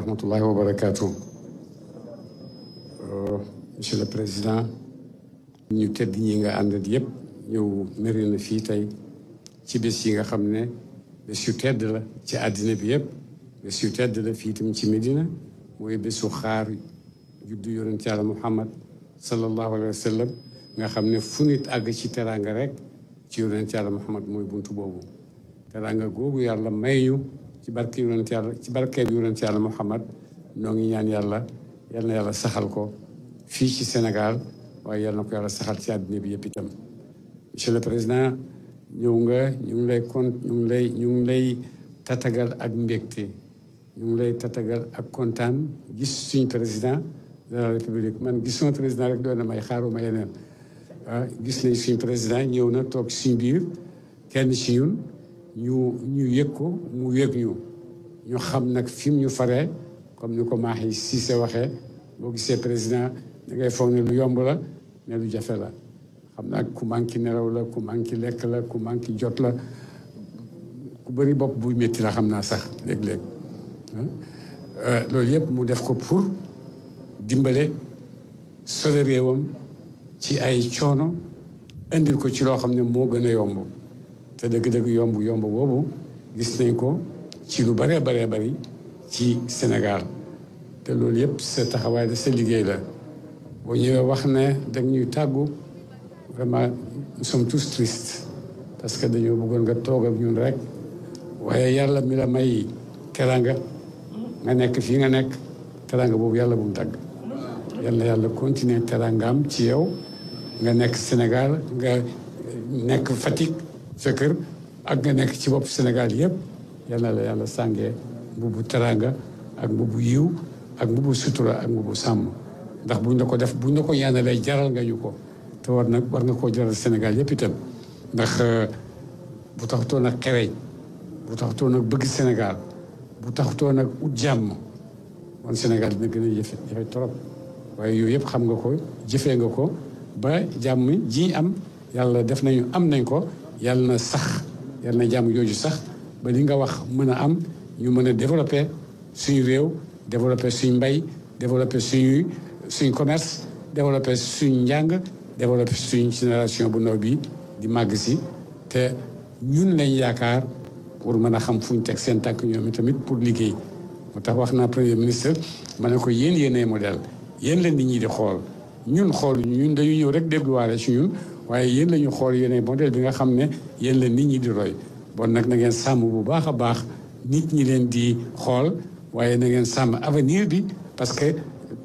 rahmatullahi wa barakaatu euh, monsieur le président ñu tedd ñi nga àndat yëpp ñëw mëri fii tey ci bés yi nga xam ne bés yu tedd la ci àddina bi yëpp bés yu tedd la fii itam ci Medina mooy bésu xaar ju juddu yonent Yàlla Muhammad sallallahu alayhi wa sallam nga xam ne fu nit àgg ci teraanga rek ci yonent Yàlla Muhammad mooy buntu boobu teraanga googu yàlla may ñu ci barke yonent yàlla ci barke bi yonent yàlla Muhammad noo ngi ñaan yàlla yal yàlla saxal ko fii ci Sénégal waaye yal na ko yàlla saxal ci àddina bi yëpp itam monsieur le président ñëw nga ñu ngi lay kon ñu ngi lay ñu ngi lay tatagal ak mbégte ñu ngi lay tatagal ak kontaan gis suñ président de la république man gis suma président rek doon na may xaaruma yeneen ah gis nañ suñ président ñëw na toog suñ biir kenn ci ñun ñu ñu yëg ko mu yég ñu ñu xam nag fi ñu faree comme ni ko Mahi Cissé waxee boo gisee président da ngay foog ne lu yomb la ne lu jafe la xam naa ku manqué nelaw la ku manqué lekk la ku manqué jot la ku bëri bopp buy métti la xam naa sax léeg-léeg euh, loolu yëpp mu def ko pour dimbale sole réewam ci ay coono indil ko ci loo xam ne moo gën a yomb te dëgg-dëgg yomb yomb boobu gis nañ ko ci lu baree baree bari ci Sénégal te loolu yëpp sa taxawaay da sa liggéey la boo ñëwee wax ne dag ñuy tàggu vraiment nous tous tristes parce que dañoo bëggoon nga toog ak ñun rek waaye yàlla mi la may teranga nga nekk fii nga nekk teranga boobu yàlla bu mu dagg yàlla yàlla continuer terangaam ci yow nga nekk Sénégal nga nekk Fatick sa ak nga nekk ci bopp Sénégal yëpp yàlla na la yàlla sàngee mbubu teranga ak mbubu yiw ak mbubu sutura ak mbubu sàmm ndax bu la ko def buñ la ko ñaanalee jaral nga ñu ko te war nag war nga koo jaral Sénégal yëpp itam ndax euh, bu taxutoon ak xereñ bu taxutoon ak bëgg Sénégal bu taxutoon nag ut jàmm man Sénégal dina gën a jafe jafe trop waaye yooyu yëpp xam nga ko jëfee nga ko ba jàmm ji am yàlla def nañu am nañ ko yal na sax yal na jàmm jooju sax ba li nga wax mën a am ñu mën a développer suñu réew développer suñu mbay développer suñu suñu commerce développer suñu njàng développer suñu génération bu ndaw bi di màgg si te ñun lañ yaakaar pour mën a xam fu ñu teg seen tànk ñoom tamit pour liggéey moo tax wax naa premier ministre ma ne ko yéen yéenay modèle yéen leen di ñii di xool ñun xool ñun dañu ñëw rek dégluwaale ci ñun waaye yéen lañu xool xool yéen modèle bi nga xam ne yéen la nit ñi di roy bon nag na ngeen sàmm bu baax a baax nit ñi leen di xool waaye na ngeen sàmm avenir bi parce que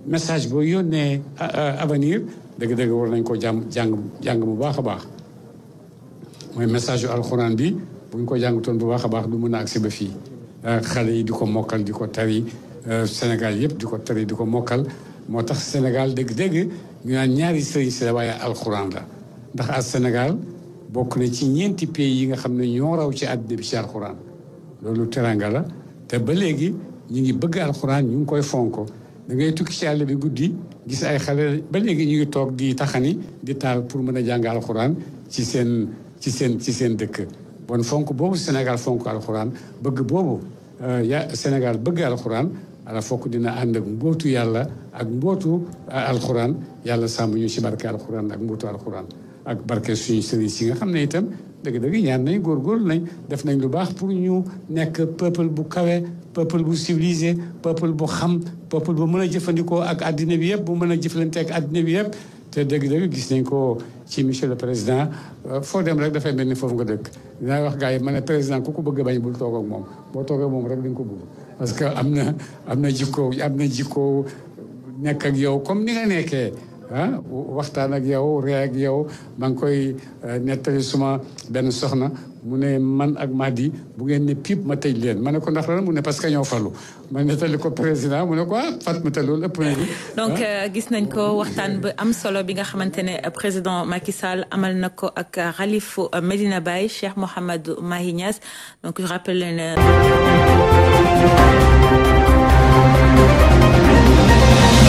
message boo yónnee avenir dëgg-dëgg war nañ koo jàmm jàng jàng bu baax a baax mooy message yu alxuraan bi bu ñu ko jàngatoon bu baax a baax du mën a agsi ba fii euh, xale yi di ko mokkal di ko tari euh, Sénégal yëpp di ko tari di ko mokkal moo tax Sénégal dëgg-dëgg ñu naan ñaari sëriñ si waaye alxuraan la ndax as Sénégal bokk na ci ñeenti pays yi nga xam ne ñoo raw ci àddina bi ci alxuraan loolu teranga la te ba léegi ñu ngi bëgg alxuraan ñu ngi koy fonko da ngay tukki ci àll bi guddi gis ay xale ba léegi ñu ngi toog di taxani di taal pour mën a jàng alxuraan ci seen ci seen ci seen dëkk. bon fonk boobu Sénégal fonk alxuraan bëgg boobu euh, ya Sénégal bëgg alxuraan ala fokk dina ànd ak mbootu yàlla ak mbootu euh, alxuraan yàlla sàmm ñu ci barke alxuraan ak mbootu alxuraan. ak barke suñu sëriñ si nga xam ne itam dëgg-dëgg ñaan nañ góor nañ def nañ lu baax pour ñu nekk peuple bu kawee peuple bu civilisé peuple bu xam peuple bu mën a jëfandikoo ak àddina bi yëpp bu mën a jëflante ak àddina bi yëpp te dëgg-dëgg gis nañ ko ci monsieur le président euh, foo dem rek dafay mel ni foofu nga dëkk dinaa wax gaa yi mën a président ku ko bëgg a bañ bul toog ak moom boo toogee moom rek di ko bëgg parce que am na am na jikko am na jikko nekk ak yow comme ni nekkee ah waxtaan ak yow ree ak yow maa ngi koy eh, nettali suma benn soxna mu ne man ak Mahdi bu ngeen ne piip ma tëj leen ma ne ko ndax lan mu ne parce que ñoo falu ma nettali ko président mu ne ko ah Fatmata loolu ëpp nañu. donc ah. euh, gis nañ ko waxtaan bu am solo bi nga xamante ne euh, président Macky Sall amal na ko ak xalifu euh, Medina Baye Cheikh Mouhamadou Mahi Niass donc je rappelle leen.